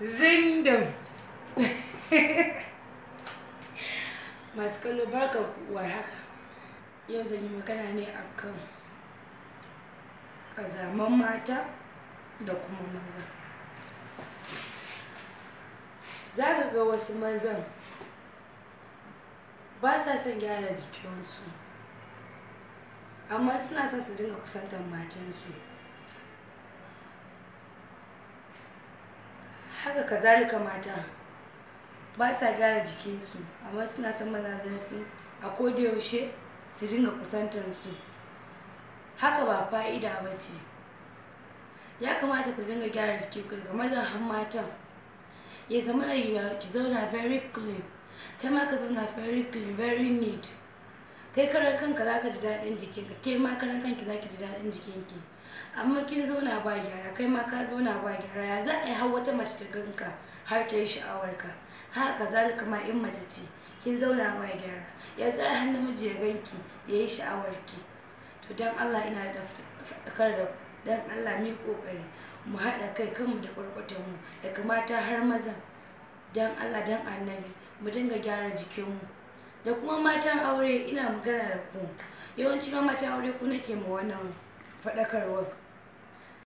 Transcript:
zindin masu kallo barkan haka yau zan yi magana ne akan ƙazaman mata da kuma maza za ka ga wasu mazan ba sa son gyara jikinsu amma suna son su dinga kusantar matansu haka kazalika mata ba sa gyara jikinsu amma suna son su a kodayaushe su dinga su haka ba fa'ida ba ce ya kamata ku dinga gyara jiki ku daga mazan har matan ya zama da ki zauna very clean kai ma ka zauna very clean very neat kai karan kanka zaka ji daɗin jikinka Kai ma karan kanki zaki ji daɗin jikinki amma kin zauna ba gyara kai ma ka zauna ba gyara ya za a yi har wata mace ta ganka har ta yi sha'awarka haka zalika ma in mace ce kin zauna ba gyara ya za a har namiji ya ganki ya yi sha'awarki to dan Allah ina da fadakar da dan Allah mu kokari mu haɗa kai kanmu da kwarkwatan mu da kamata har mazan dan Allah dan annabi mu dinga gyara jikinmu da kuma matan aure ina magana da ku yawanci ma matan aure ku nake ma wannan faɗakarwar